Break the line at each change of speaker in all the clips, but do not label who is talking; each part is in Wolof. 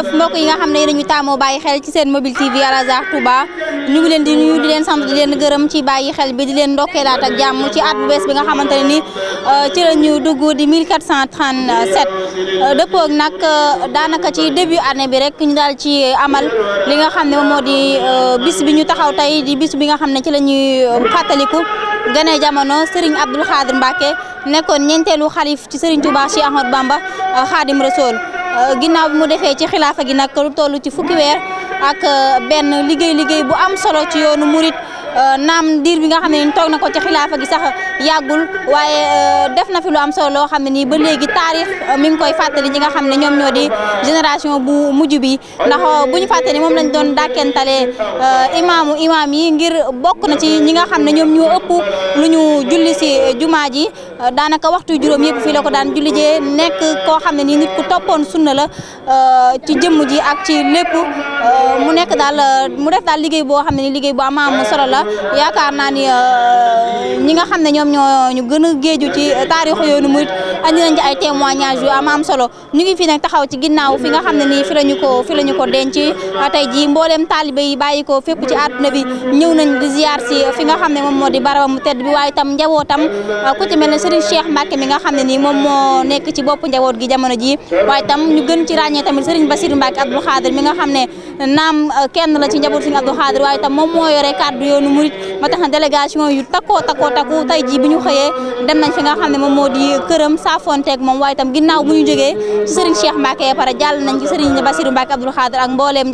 jërëjëf mbokk yi nga xam ne yéen
ñu taamoo bàyyi xel ci seen mobile TV Al Azhar Touba ñu ngi leen di nuyu di leen sant di leen gërëm ci bàyyi xel bi di leen ndokkeelaat ak jàmm ci at bi nga xamante ne ni euh, ci la ñu dugg di 1437 euh, dëppoo ak nag euh, daanaka ci début année bi rek ñu daal ci amal li nga xam ne moom moo di bis bi ñu taxaw tey di bis bi nga xam ne ci la ñuy fàttaliku gane jamono Serigne Abdoul Khadir Mbacke nekkoon ñeenteelu xalif ci Serigne Touba Cheikh Ahmad Bamba Khadim Rasoul Euh, ginnaaw bi mu defee ci xilaafa gi nag lu toll ci fukki weer ak euh, benn liggéey liggéey bu am solo ci yoonu murit euh, naam diir bi nga xam ne toog na ko ci xilaafa gi sax. yàggul waaye euh, def na fi lu am solo loo xam ne nii ba léegi taarix euh, mi ngi koy fàttali ñi nga xam ne ñoom ñoo di génération bu mujj bi ndax euh, bu ñu fàttali moom lañ doon dàkkentale imaamu imaam yi ngir bokk na ci ñi nga xam ne ñoom ñoo lu ñu julli si jumaa ji daanaka waxtu juróom fii la ko daan nekk koo xam ne nii nit ku toppoon sunna la ci jëmm ji ak ci lépp mu nekk daal mu def daal liggéey boo xam ne nii liggéey bu am am solo la yaakaar naa ni ñi nga xam ne ñoom ñoo ñu gën a géeju ci taarixu yoonu murit andi nañ ci ay témoignage yu am am solo ñu ngi fii nag taxaw ci ginnaaw fi nga xam ne nii fi lañu ko fi lañu ko denc tey jii mbooleem taalibe yi bàyyi ko fépp ci àdduna bi ñëw nañ di ziar si fi nga xam ne moom moo di mu tedd bi waaye itam njabootam ku ci mel ne Serigne Cheikh Mbacke mi nga xam ne nii moom moo nekk ci bopp njaboot gi jamono ji waaye tam ñu gën ci ràññee tamit Serigne Bassirou Mbacke Abdou Khadir mi nga xam ne naam euh, kenn la ci njaboot Serigne Abdou Khadre waaye itam moom moo yore kàddu yoonu murit ma tax na délégation yu takkoo takkoo takku tey jii bu ñu xëyee dem nañ fi nga xam ne moom moo di këram saafonteeg moom waaye itam ginnaaw bu ñu jógee ci Serigne Cheikh Mbacke ya pare jàll nañ ci Serigne Bassirou Mbacke Abdou Khadre ak mbooleem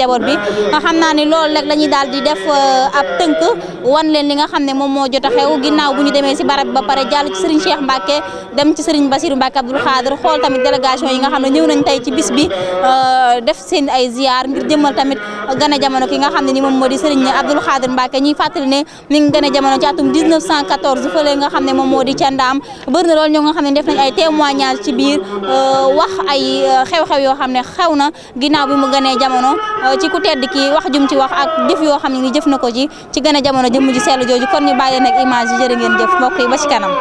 naa ni loolu rek la ñuy daal di def euh, ab wan leen li nga xam ne moom moo jot a xew bu ñu demee si barab ba pare jàll ci Serigne Cheikh Mbacke dem ci Serigne Bassirou Mbacke Abdou Khadre xool tamit délégation yi nga xam ne ñëw nañ tey ci bis bi euh, def seen ay ziar ngir jëmmal tamit a gane jamono ki nga xam ne ni moom moo di Serigne Abdoul Khadir Mbacke ñuy fàttali ne mi ngi gane jamono ci atum 1914 fële nga xam ne moom moo di ca Ndaam bëri na lool ñoo nga xam ne def nañ ay témoignage ci biir euh, wax ay euh, xew-xew yoo xam ne xew na ginnaaw bi mu ganee jamono euh, ci ku tedd ki wax jum ci wax ak jëf yoo xam ne ni jëf na ko ci ci gane jamono jëmm ji seetlu jooju kon ñu bàyyi nag image yi jërë jëf mbokk yi ba ci kanam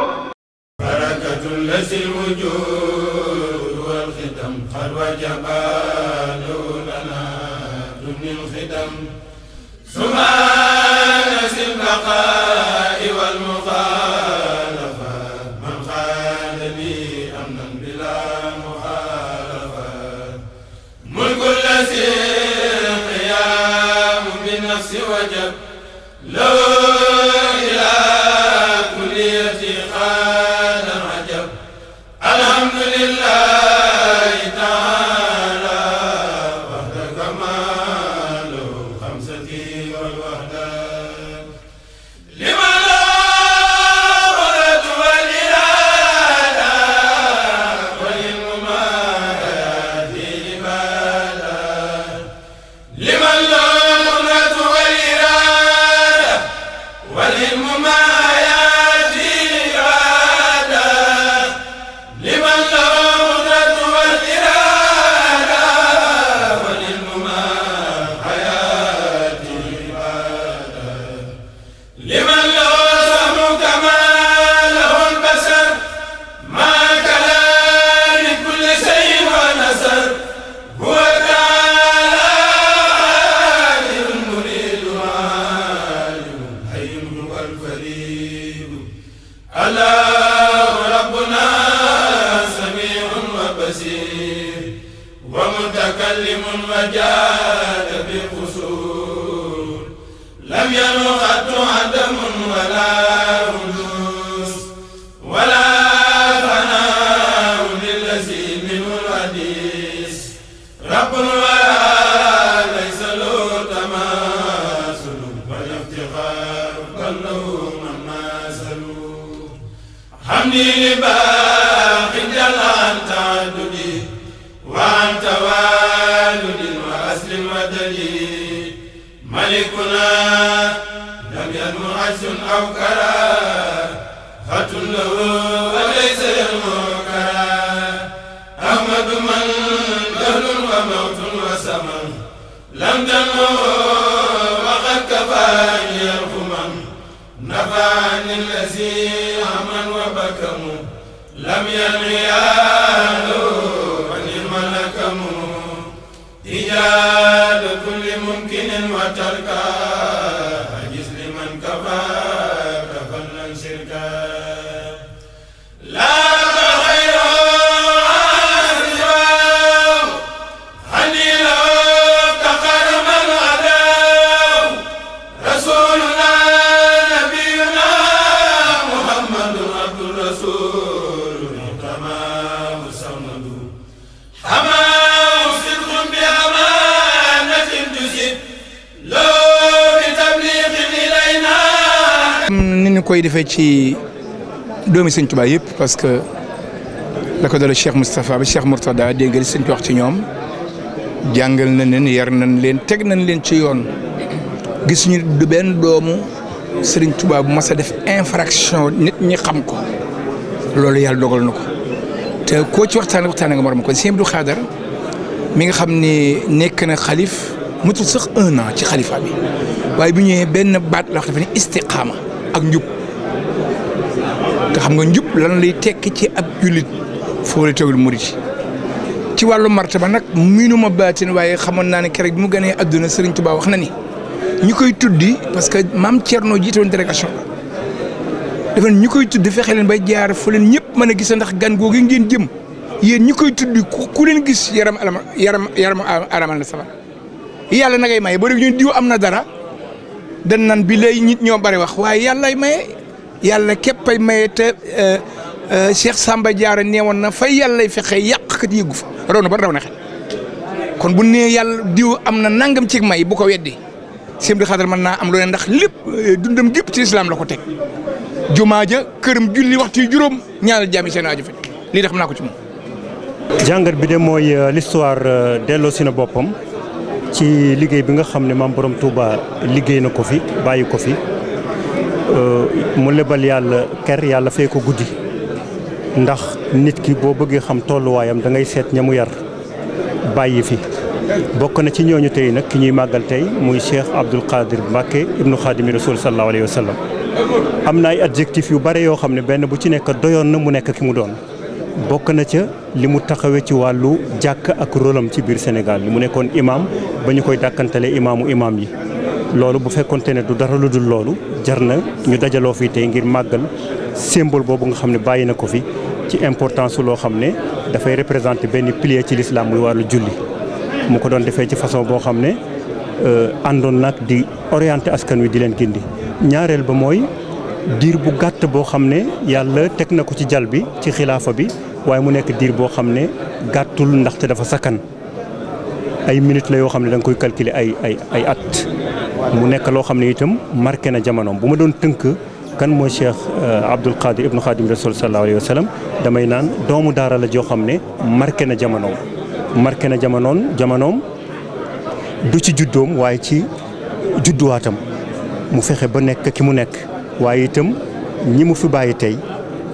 حج أو كراهة له وليس المنكرا أحمد من دهل وموت وسمن لم تنه وقد كفاني الهمم نفعني الذي همن وبكم لم ينهيا عن الملكم إيجاد كل ممكن وتركه
koy defee ci doomi Sëñ Tuubaa yëpp parce que la ko dalee Cheikh Moustapha ba Cheikh Mourtada dégg nga li sëñ wax ci ñoom jàngal na leen yar nañ leen teg nañ leen ci yoon gis ñu benn doomu Sëriñ Tuubaa bu mas a def infraction nit ñi xam ko loolu yàlla dogal na ko te koo ci waxtaan waxtaan nga morom kon sëñ Abdou Khadar mi nga xam ni nekk na xalif mutul sax un an ci xalifa bi waaye bu ñëwee benn baat la wax dafa ne istiqaama ak njub. te xam nga njub lan lay tekki ci ab jullit foo la teewul murit ci wàllu martaba nag miinuma baatin waaye xamoon naa ne keroog bi mu gënee àdduna Serigne Touba wax na ni ñu koy tuddi parce que maam Thierno jiite woon délégation la dafa ñu koy tuddi fexe leen bay jaar fu leen ñëpp mën a gis ndax gan googu ngeen jëm yéen ñu koy tuddi ku leen gis yaram alama yaram yaram alamal la sabar yàlla na ngay maye ba léegi ñun diw am na dara dan nan bi lay nit ñoo bari wax waaye yàlla lay yàlla képp képpay maye te euh, euh, Cheikh Samba Diarra neewoon na fay yàllay fexe yàqkat yëgu fa raw na ba raw na xel kon bu ne yàlla diw am na nangam ci may bu ko weddi sëñ bi xaaral mën naa am loolee ndax lépp euh, dundam gépp ci islam la ko teg jumaa ja këram julli waxtu yu juróom ñaanal jaami seen aajo fi lii de xam naa ko ci moom.
jàngat bi de mooy l'histoire delloo si na boppam ci liggéey bi nga xam ne maam borom Touba liggéey na ko fi bàyyi ko fi. Euh, mu lebal yàlla ker yàlla fee ko guddi ndax nit ki boo bëggee xam tolluwaayam da ngay seet ñamu mu yar bàyyi fi bokk na ci ñooñu tey nag ki ñuy màggal tey muy Cheikh Abdoul Qadir Mbacke ibnu Xaadimi Rasul sallallahu alayhi wa sallam am na ay adjectif yu bare yoo xam ne benn bu ci nekk doyoon na mu nekk ki mu doon bokk na ca li mu taxawee ci wàllu jàkk ak rolam ci biir Sénégal li mu nekkoon imaam ba ñu koy dàkkantale imaamu imam yi loolu bu fekkonte ne du dara lu dul loolu jar na ñu dajaloo fii tey ngir màggal symbole boobu nga xam ne bàyyi na ko fi ci importance loo xam ne dafay représenter benn pilier ci lislaam muy wàllu julli mu ko doon defee ci façon boo xam ne euh, àndoon nag di orienter askan wi di leen gindi ñaareel ba mooy diir bu gàtt boo xam ne yàlla teg na ko ci jal bi ci xilaafa bi waaye mu nekk diir boo xam ne gàttul ndaxte dafa sakkan ay minutes la yoo xam ne da koy calculer ay ay ay at mu nekk loo xam ne itam marqué na jamonoom bu ma doon tënk kan mooy Cheikh euh, Abdoul Qadir ibnu Xaadim Rasul sallallahu alayhi wa sallam damay naan doomu daara la joo xam ne marqué na jamonoom marke na jamonoon jamonoom du ci juddoom waaye ci judduwaatam mu fexe ba nekk ki mu nekk waaye itam ñi mu fi bàyyi tey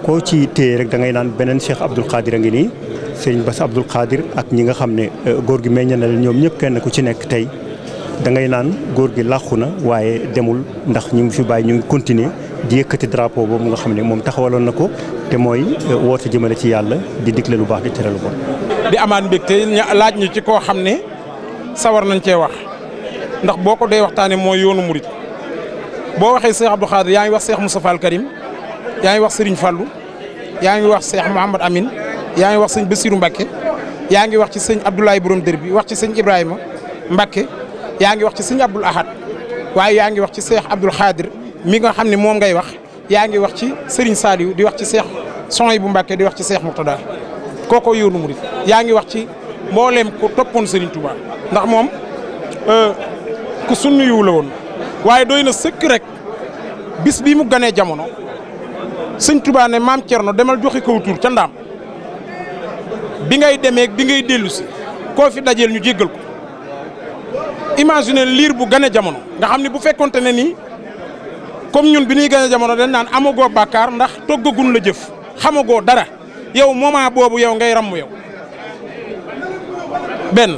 koo ci téye rek da ngay naan beneen Cheikh Abdoul Qadir a ngi nii Serigne Bass Abdoul Qadir ak ñi nga xam ne euh, góor gi meññal na ñoom ñëpp kenn ku ci nekk tey da ngay naan góor gi làqu na waaye demul ndax ñu ngi fi bàyyi ñu ngi continuer di yëkkati drapeau boobu nga xam ni moom taxawaloon na ko te mooy euh, woote jëmale ci yàlla di digle lu baax di tere lu bon. di amaat mbégte
laaj ñu ci koo xam ne sawar nañ cee wax ndax boo ko dee waxtaanee mooy yoonu murit boo waxee Cheikh Abdou Khadir yaa ngi wax seex Moustapha Al Karim yaa ngi wax Serigne Fallou yaa ngi wax Cheikh Mouhamad Amin yaa ngi wax sëñ Bassirou Mbacke yaa ngi wax ci sëñ Abdoulaye Borom Dër bi wax ci sëñ Ibrahima Mbacke. yaa ngi wax ci sëñ Abdul Ahad waaye yaa ngi wax ci seex Abdul Xaadir mi nga xam ni moom ngay wax yaa ngi wax ci Serigne Saliou di wax ci seex Soy bu Mbàkke di wax ci seex Murtada kooko yoonu murit yaa ngi wax ci mbooleem ko toppoon sëriñ Touba ndax moom euh, ku sunnu yiw la woon waaye doy na sëkk rek bis bi mu ganee jamono sëñ Touba ne maam Thierno demal joxe kaw tur ca ndaam bi ngay demee bi ngay dellu koo fi dajeel ñu jéggal ko. imaginer liir bu gane jamono nga xam ne bu fekkonte ne nii comme ñun bi ñuy gane jamono dañ naan amagoo bàkkaar ndax toggagun la jëf xamagoo dara yow moment boobu yow ngay ram ramm yow benn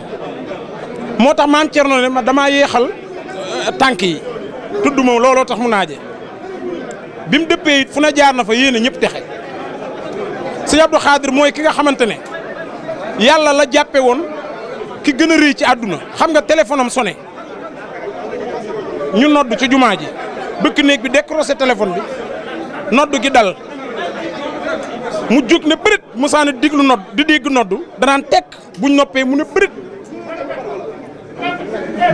moo tax maam Thierno ne ma damaa yéexal euh, tànk yi tudd ma looloo tax mu naaje bi mu dëppee it fu na jaar na fa yéene ñëpp texe sëñ Abdou Khadir mooy ki nga xamante ne yàlla la jàppe woon ki gën a rëy ci àdduna xam nga téléphone am sonné ñu nodd ci jumaa ji bëkk néeg bi décroché téléphone bi nodd gi dal mu jóg ne bërit Moussa ne diglu nodd dégg nodd danaan tekk buñ noppee mu ne bërit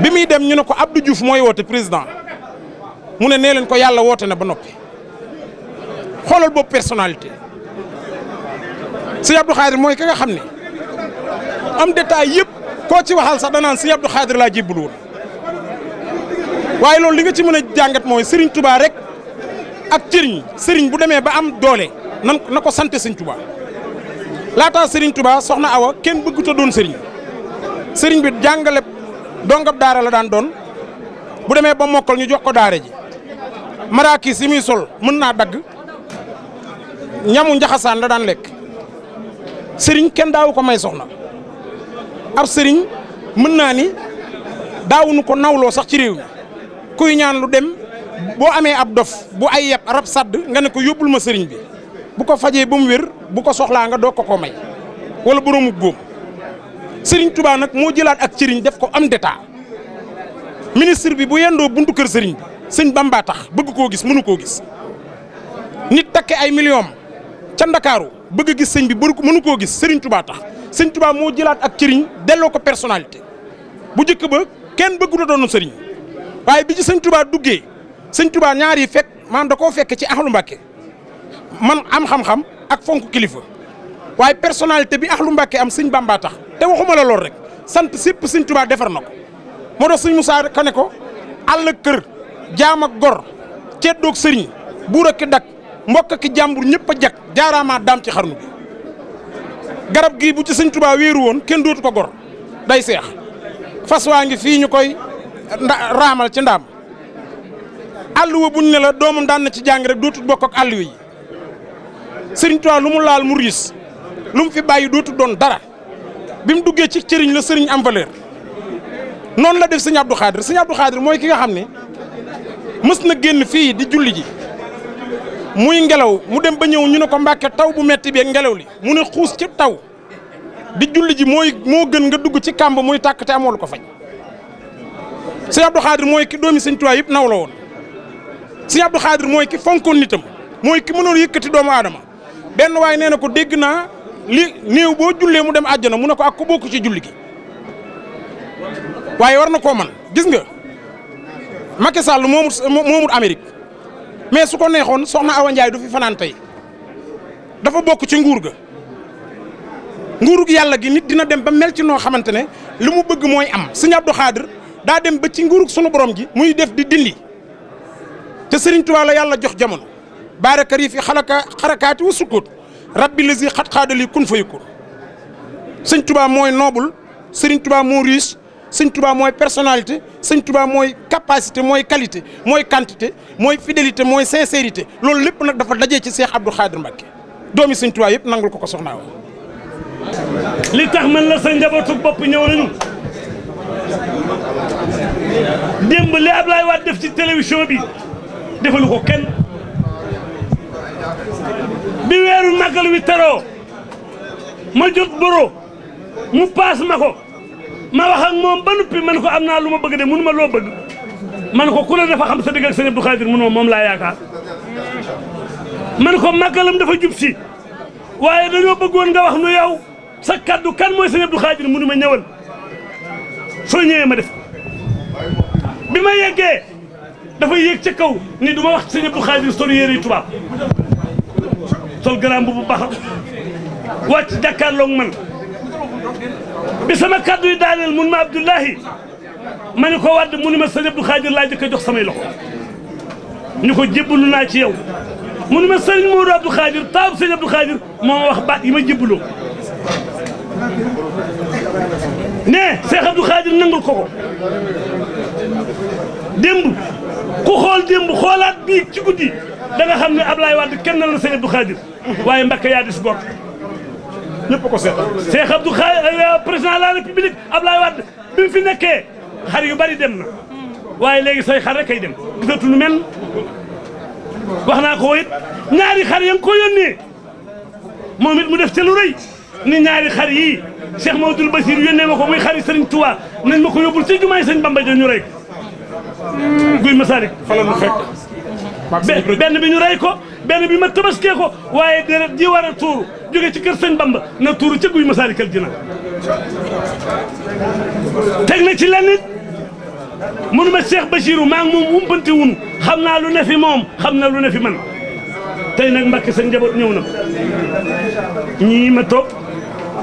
bi muy dem ñu ne ko ab Abdou Diouf mooy woote président mu ne nee leen ko yàlla woote na ba noppi xoolal boobu personnalité sëñ Abdou Khadir mooy ki nga xam ne am détail yëpp koo ci waxal sa danaan si Abdou Khadir laa jébbalu woon waaye loolu li nga ci mën a jàngat mooy Serigne tubaa rek ak cëriñ sëriñ bu demee ba am doole nan na ko sant sëñ Touba laataa sëriñ tubaa soxna Awa kenn bëgguta doon sëriñ sëriñ bi jàngale dongab daara la daan doon bu demee ba mokkal ñu jox ko daara ji maraakis yi muy sol mën naa dagg ñamu njaxasaan la daan lekk sëriñ kenn daawu ko may soxna. ab sëriñ mën naa ni daawuñu ko nawloo sax ci réew mi kuy ñaan lu dem boo amee ab dof bu ay yab rab sàdd nga ne ko yóbbul ma sëriñ bi bu ko fajee ba mu wér bu ko soxlaa nga doog ko ko may wala boroomu góom sëriñ Touba nag moo jëlaat ak cëriñ def ko am d'état ministre bi bu yendoo buntu kër sëriñ bi sëñ Bamba tax bëgg koo gis mënu koo gis nit takke ay millions ca Ndakaaru bëgg gis sëñ bi ko mënu koo gis sëriñ Touba tax sëñ Tuubaa moo jilaat ak cëriñ delloo ko personnalité bu njëkk ba kenn bëggu la doon sëriñ waaye bi ci sëñ Tuubaa duggee sëñ Tuubaa ñaar yi fekk maanaam da koo fekk ci axlu Mbàkke man am xam-xam ak fonk kilifa waaye personnalité bi axlu Mbàkke am sëñ Bàmbaa tax te waxuma la lool rek sant sépp sëñ Tuubaa defar na ko moo tax sëñ Musaa Ka ne ko alla kër jaam ak gor ceddoog sëriñ buur ak ki dak mbokk ak ki jàmbur ñëpp a jag jaaraamaa daam ci xarnu bi garab gii bu ci sëñ Tuubaa wéeru woon kenn dootu ko gor day seex fas waa ngi fii ñu koy nda raamal ci ndaam àll wa buñ ne la doomam daan na ci jàng rek dootul bokk ak àll yi sëriñ Tuubaa lu mu laal mu riis lu mu fi bàyyi dootul doon dara bi mu duggee ci cëriñ la sëriñ am valeur noonu la def sëñ Abdou Khadir sëñ Abdou Khadir mooy ki nga xam ne mës na génn fii di julli ji. muy ngelaw mu dem ba ñëw ñu ne ko mbàkke taw bu metti bi ngelaw li mu ne xuus ci taw di julli ji mooy moo gën nga dugg ci kàmba muy tàkk te amoolu ko faj sëñ Abdou Khadir mooy ki doomi sëñ Tuubaa yëpp naw la woon sëñ Abdou Khadir mooy ki fonkoon nitam mooy ki mënoon yëkkati doomu aadama benn waaye nee na ko dégg naa li néew boo jullee mu dem àjjana mu ne ko ak ku bokk ci julli gi waaye war na koo man gis nga Macky Sall moomut moomut Amérique mais su ko neexoon soxna Awa Ndiaye du fi fanaan tey dafa bokk ci nguur ga nguurug yàlla gi nit dina dem ba mel ci noo xamante ne li mu bëgg mooy am sëñ Abdou Xaadir daa dem ba ci nguurug sunu borom ji muy def di dindi te Sëriñ Tuubaa yàlla jox jamono baarakari fi xalaka xarakaati wa sukkoot rabbi lazi xat xaadali kun fayakun sëñ tubaa mooy noobul Sëriñ Tuubaa moo riis sëñ Touba mooy personnalité sëñ Touba mooy capacité mooy qualité mooy quantité mooy fidélité mooy sincérité loolu lépp nag dafa dajee ci Cheikh Abdou Khadir Mbacké doomi sëñ Touba yëpp nangul ko ko soxnaa wa
li tax man la sa njabootu bopp ñëw nañu démb li Ablaye Wade def ci télévision bi defalu ko kenn bi weeru màggal wi teroo ma jot boro mu paas ma ko ma wax ak moom ba noppi man ko am naa lu ma bëgg de mënu ma loo bëgg man ko ku ne dafa xam sa digg ak sëñ Abdou Khadir mënu ma moom laa yaakaar man ko màggalam dafa jub si waaye dañoo bëggoon nga wax nu yaw sa kaddu kan mooy sëñ Abdou Khadir mënu ma ñëwal soo ñëwee ma def bi ma yeggee dafa yéeg ca kaw ni du ma wax sëñ Abdou Khadir sol yére yi tubaab sol garaam bu bu baax wàcc jàkkaarloog man bi sama kaddu yi daaneel mun ma Abdoulahi ma ni ko wàdd mu ni ma sëñ Abdou Khadir laa jëkk jox samay loxo ñu ko jébbalu naa ci yow mun ni ma sëñ Modou Abdou Khadir taabu sëñ Abdou Khadir moo wax baat yi ma jébbaloo ne Cheikh Abdou Khadir nangul ko ko démb ku xool démb xoolaat bii ci guddi da xam ne Ablaye Wade kenn la sëñ Abdou Khadir waaye Mbacke yaa des bokk ñëpp ko seet. Cheikh Abdou euh, président la république Abdoulaye Wade bi mu fi nekkee xar yu bari dem na waaye léegi say xar rek kay dem gisatuñu mel wax naa ko it ñaari xar ya nga ko yónnee moom it mu def ca lu rëy ni ñaari xar yi yii Cheikh Maodul Basir yónnee ma ko muy xari Serigne Touba nañ ma ko yóbbul ci jumaay Serigne Bamba jo ñu rey ko hmm, guy Masalik benn bi ñu rey ko benn bi ma tabaskee waaye deret ji war a tuuru jóge ci kër sëñ Bamba na tuuru ca guy ji Jinaan teg na ci lenn it mënu ma Cheikh Bachirou maa moom wumpanti xam naa lu ne fi moom xam na lu ne fi man tey nag Mbàkke sa njaboot ñëw na ñii ma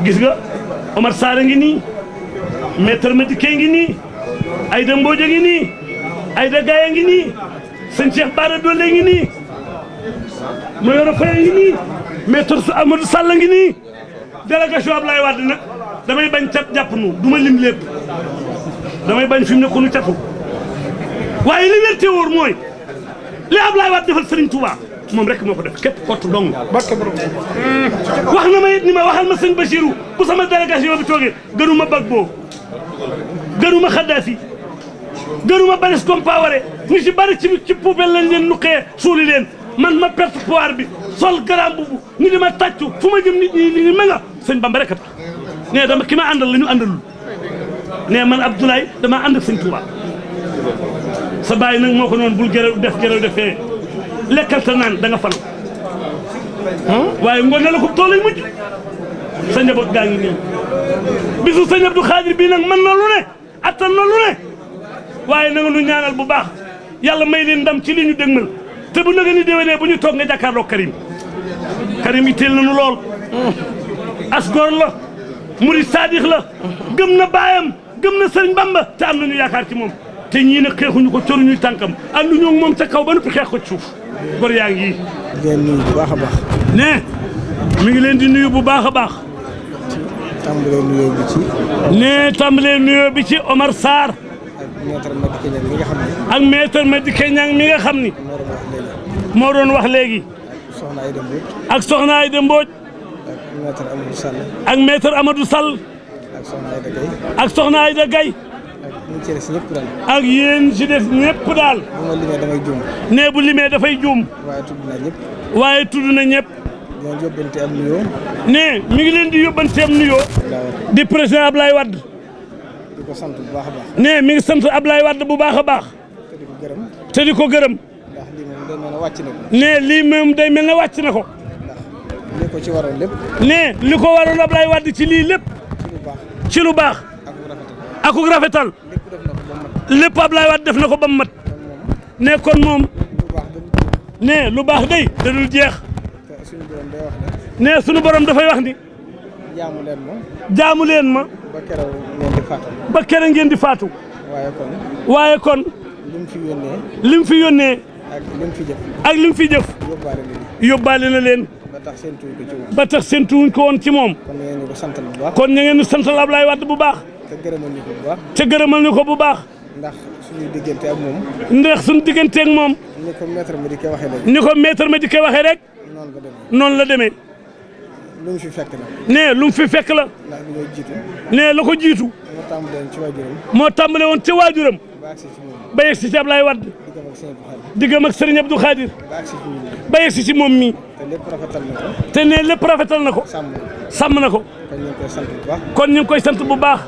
gis nga Omar Sarr ngi nii maître Madické ngi nii Ayda Mbodj ngi nii Ayda Gaye ngi nii sëñ Cheikh Bara Dolle ngi nii Mayoro Faye ngi nii maître Amadou jàpp nu damay bañ fi mu ne ku nu catu waaye li wér te wóor mooy li Ablaye Wade defal Serigne Touba moom wax na ma it ni ma waxal ma ba Bachirou bu sama délégation bi toogee gënuma Gbagbo gënuma Kadhafi gënuma Blaise Compaoré ñu si bari ci ci lañ leen nuqee suuli leen man ma perte pouvoir bi sol garaam bubu ñu di a tàccu fu ma jëm nit ñi nit ñi ma nga sëñ Bamba rek a tax nee dama ki ma àndal la ñu àndalul nee man Abdoulaye dama ànd ak sëñ Touba sa bàyyi nag moo ko noonu bul gërëw def gërëw defee lekkal te naan da nga fan waaye ngoon na la ko tool yi mujj sa njaboot gaa ngi nii bisu sëñ Abdou Khadir bii nag man na lu ne attan na lu ne waaye na nga nu ñaanal bu baax yàlla may leen ndam ci li ñu dégmal te bu nag ni déwénee bu ñu toog nga jàkkaarloo Karim Karim itteel nañu lool asgoor la murid saadix la gëm na baayam gëm na sëriñ Bamba te am nañu yaakaar ci moom te ñii nag xeexuñu ko coruñuy tànkam ànduñoo moom ca kaw ba noppi xeex ko ci suuf gor yaa ngi leen nuyu bu ne mi ngi leen di nuyu bu baax a baax
tàmbalee nuyoo bi ci
ne tàmbalee nuyoo bi ci Omar Sarr ak maître Madické Niang mi nga xam ni ak maître Madické Niang mi nga xam ni moo doon wax léegi. ak soxna Ayda Mbodj. ak maître Amadou Sall. ak soxna Ayda Gaye.
ak soxna
Ayda Gaye. ak yéen ci des ñëpp daal. nee bu limee dafay juum.
waaye tudd na ñëpp.
waaye tudd na ñëpp. nee mi ngi leen di yóbbante am nuyoo. di président Ablaye Wade. nee mi ngi sant Ablaye Wade bu baax a baax. te di ko gërëm. ndax lii moom day mel ne wàcc na ko. nee lii moom day mel ne wàcc na ko. ndax
li ko ci waroon lépp.
nee li ko waroon Ablaye Wade ci lii lépp. ci lu baax ci lu baax. rafetal. lépp Ablaye Wade def na ko ba mu mat. nee kon moom. nee lu baax day da dul jeex. nee sunu borom dafay wax ni.
jaamu leen ma. jaamu leen ma. ba
keroog ngeen di faatu. waaye kon. lim fi yónnee. ak lim fi jëf. ak lim fi jëf. yóbbaale na leen. yóbbaale na leen. ba tax seen ko ci moom. ba tax séntuwuñ ko woon ci moom. kon ñu ngeen ñu ko santal bu baax. kon ñu ngeen ñu santal Ablaye Wade bu baax.
te gërëmal ñu ko bu baax. ko bu baax. ndax suñu diggante ak moom. ndax
suñu diggante ak moom.
ni ko maître ma di koy waxee rek. ni ko maître ma di koy waxee
rek. noonu la demee.
lu mu fi fekk la. nee lu mu fi fekk la. ndax lu nee la ko jiitu. moo tàmbale woon ci waajuram. moo tàmbale woon ci waajuram. ba yegg si ci Ablaye Wade. diggam ak Serigne Abdou Khadir ba si ci moom mii
te ne lépp rafetal na ko sàmm na ko kon ñu koy sant bu baax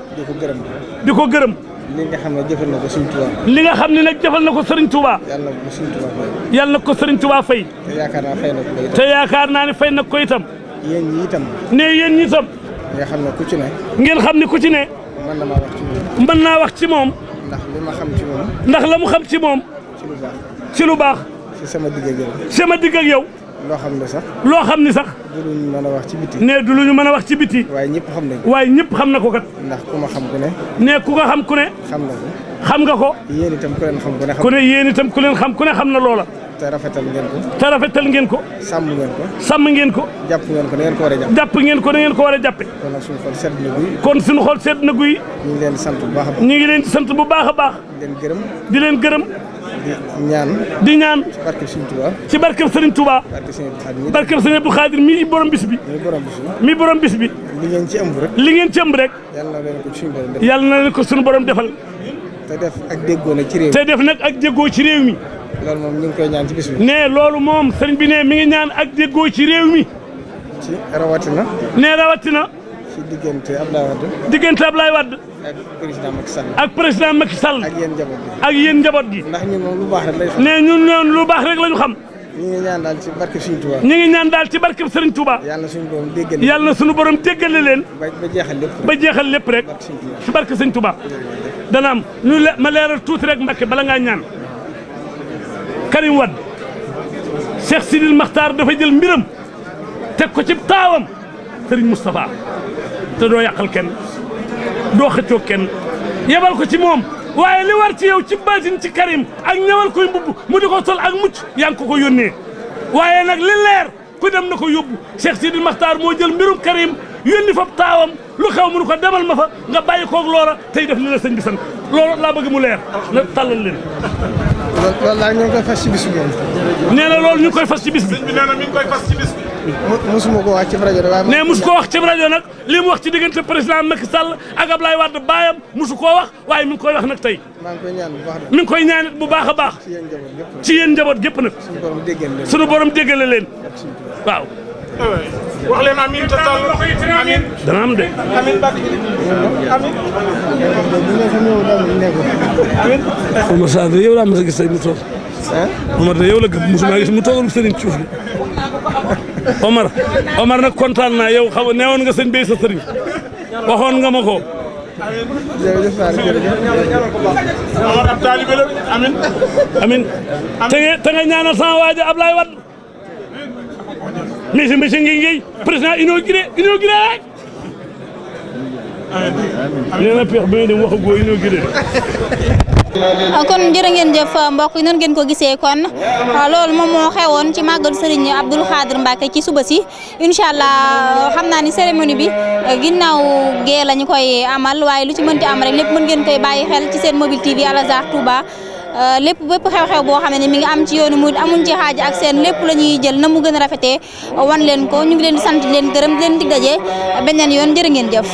di ko gërëm
li nga xam ne jëfal
na ko Serigne Touba li nga xam ne nag jëfal na ko Serigne Touba yàlla na ko Serigne Touba fay te yaakaar naa ne fay na ko itam yéen ñi itam ne ñi itam nga xam ne ku ci ne ngeen xam ne ku ci ne mën naa wax ci moom wax
ci moom ndax li ma xam ci moom
ndax la mu xam ci moom ci lu baax. ci sama digg ak yow. sama digg ak yow. loo xam ne sax. loo xam ne sax. du lu ñu mën a wax ci biti. ne du lu ñu mën a wax ci biti. waaye ñëpp xam nañ ko. waaye ñëpp xam na ko kat. ndax ku ma xam ku ne. ne ku nga xam ne. xam na ko. xam nga ko. yéen itam ku leen xam ku ne. ku ne yéen itam ku leen xam ku ne xam na loola. te rafetal ngeen ko. te rafetal ngeen ko. sàmm ngeen ko. sàmm ngeen ko.
jàpp ngeen ko da ngeen ko war a ngeen ko da ngeen
ko war a jàppe. kon nag suñu xol sedd na guy. kon suñu xol sedd na guy. ñu leen di sant bu baax ñu ngi leen sant bu baax a baax. di leen gërëm. di leen gërëm. ñaan di ñaan ci barkeb Serigne Touba ci barkeb Serigne Touba barkeb Serigne Abdou Khadir mi borom bis mi borom bis bi li ngeen ci ëmb rek li ngeen ci ëmb rek
yàlla
na leen ko suñu borom defal
te def ak déggoo nag ci réew mi te
def nag ak déggoo ci réew mi
loolu moom ñu ngi koy ñaan ci bis bi
ne loolu moom sëriñ bi mi ngi ñaan ak déggoo ci réew mi ci rawatina ne rawatina
ci diggante Ablaye Wade diggante Ablaye
ak président Macky Sall. ak président Macky Sall. ak yen njaboot gi ak yéen njaboot gi. ndax ñun moom lu baax rek lañu xam. lu baax rek lañu xam.
ñu ngi ñaan daal ci barkeb Serigne Touba. ñu
ngi ñaan daal ci barkeb Serigne Touba. yàlla na suñu borom déggal leen yàlla na suñu borom déggal leen.
ba jeexal lépp rek jeexal
lépp rek. ci barke Serigne Touba. dana am ñu le ma leeral tuuti rek Mbacke bala ngaa ñaan. Karim Wade Cheikh Sidil Makhtar dafa jël mbiram teg ko ci taawam Serigne Moustapha te doo yàqal kenn. doo xëccoo kenn yebal ko ci moom waaye li war ci yow ci baatin ci karim ak ñëwal koy mbubb mu di ko sol ak mucc yaa ngi ko ko yónnee waaye nag li leer ku dem na ko yóbbu Cheikh Sidi Makhtar moo jël mbirum karim yónni fab taawam lu xew mu ne ko demal ma fa nga bàyyi koog loola tey def li la sëñ bi sant loolu laa bëgg mu leer na tàllal leen.
loolu laa ñu ngi koy fas ci bis bi.
nee na loolu ñu ngi koy fas koy fas ci bis bi.
musuma ko wax ci rajo nag. mais musu ko wax
ci rajo nag li mu wax ci diggante président Macky Sall ak Ablaye Wade baayam musu ko wax waaye mi ngi wax nag tey.
maa ngi koy ñaan bu baax mi ngi koy
ñaanit bu baax baax. ci yéen njaboot gépp nag. suñu borom déggale leen suñu borom déggale leen waaw.
leen amiin te taal amiin. dana am de. amiin bàq ji amiin.
Omar Sarr de yow laa mos a gis tey mu toog. Omar de yow la Omar Omar kontaan naa yow xam ne woon nga sëñ Bay sa waxoon nga ma amin te nga ñaanal sama waaja Ablaye Wade misi misi ngi ngiy président inauguré inauguré rek nee na peex bi nga dem wax a goo inauguré Ah, kon
jërë ngeen jëf mbokk yi noonu ngeen ko gisee kon ah, loolu moom moo xewoon ci màggal Serigne Abdoul Khadr Mbacke ci suba si incha allah xam naa ni cérémonie bi ginnaaw gee la ñu koy amal waaye lu ci mënti am rek lépp mën ngeen koy bàyyi xel ci seen mobile TV Al Azhar Touba. Ah, lépp bépp xew-xew boo xam ne mi ngi am ci yoonu muy amuñ ci xaaj ak seen lépp la ñuy jël na mu gën a rafetee wan leen ko ñu ngi leen di sant leen gërëm leen di daje beneen yoon jërë ngeen jëf.